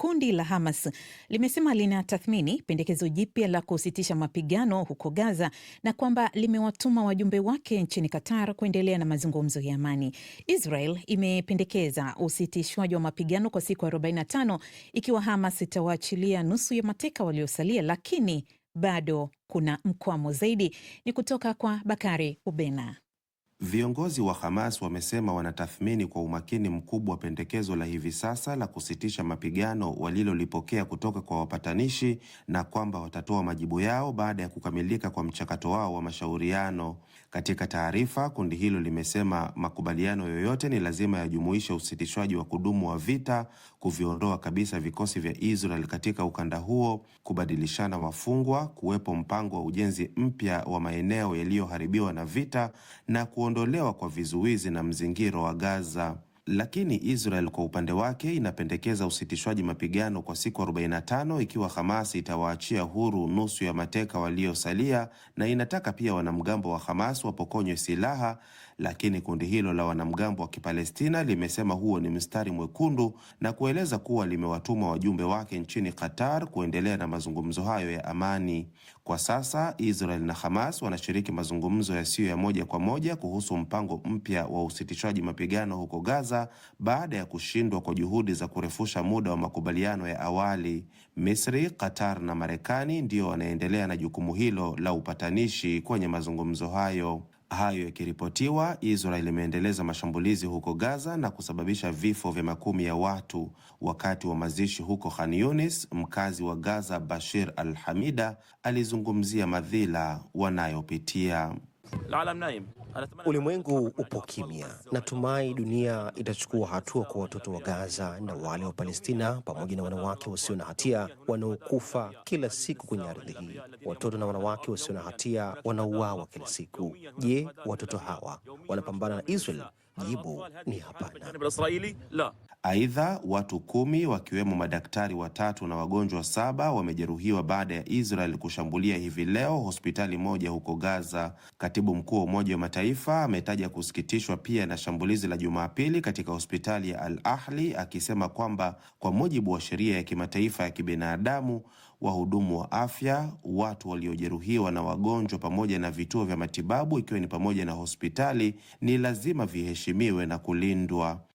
Kundi la Hamas limesema linatathmini pendekezo jipya la kusitisha mapigano huko Gaza na kwamba limewatuma wajumbe wake nchini Qatar kuendelea na mazungumzo ya amani. Israel imependekeza usitishwaji wa mapigano kwa siku 45 ikiwa Hamas itawaachilia nusu ya mateka waliosalia, lakini bado kuna mkwamo zaidi. Ni kutoka kwa Bakari Ubena. Viongozi wa Hamas wamesema wanatathmini kwa umakini mkubwa pendekezo la hivi sasa la kusitisha mapigano walilolipokea kutoka kwa wapatanishi na kwamba watatoa majibu yao baada ya kukamilika kwa mchakato wao wa mashauriano. Katika taarifa, kundi hilo limesema makubaliano yoyote ni lazima yajumuishe usitishwaji wa kudumu wa vita, kuviondoa kabisa vikosi vya Israel katika ukanda huo, kubadilishana wafungwa, kuwepo mpango wa ujenzi mpya wa maeneo yaliyoharibiwa na vita na ku kuondolewa kwa vizuizi na mzingiro wa Gaza. Lakini Israel kwa upande wake inapendekeza usitishwaji mapigano kwa siku 45 ikiwa Hamas itawaachia huru nusu ya mateka waliosalia na inataka pia wanamgambo wa Hamas wapokonywe silaha lakini kundi hilo la wanamgambo wa Kipalestina limesema huo ni mstari mwekundu na kueleza kuwa limewatuma wajumbe wake nchini Qatar kuendelea na mazungumzo hayo ya amani. Kwa sasa Israel na Hamas wanashiriki mazungumzo yasiyo ya moja kwa moja kuhusu mpango mpya wa usitishaji mapigano huko Gaza baada ya kushindwa kwa juhudi za kurefusha muda wa makubaliano ya awali. Misri, Qatar na Marekani ndio wanaendelea na jukumu hilo la upatanishi kwenye mazungumzo hayo. Hayo yakiripotiwa, Israel imeendeleza mashambulizi huko Gaza na kusababisha vifo vya makumi ya watu wakati wa mazishi huko Khan Yunis. Mkazi wa Gaza Bashir Al Hamida alizungumzia madhila wanayopitia. Ulimwengu upo kimya. Natumai dunia itachukua hatua kwa watoto wa Gaza na wale wa Palestina, pamoja na wanawake wasio na hatia wanaokufa kila siku kwenye ardhi hii. Watoto na wanawake wasio na hatia wanauawa kila siku. Je, watoto hawa wanapambana na Israel? Jibu ni hapana. Aidha, watu kumi wakiwemo madaktari watatu na wagonjwa saba wamejeruhiwa baada ya Israel kushambulia hivi leo hospitali moja huko Gaza. Katibu mkuu wa Umoja wa Mataifa ametaja kusikitishwa pia na shambulizi la Jumapili katika hospitali ya Al Ahli, akisema kwamba kwa mujibu wa sheria ya kimataifa ya kibinadamu, wahudumu wa afya, watu waliojeruhiwa na wagonjwa, pamoja na vituo vya matibabu, ikiwa ni pamoja na hospitali, ni lazima viheshimiwe na kulindwa.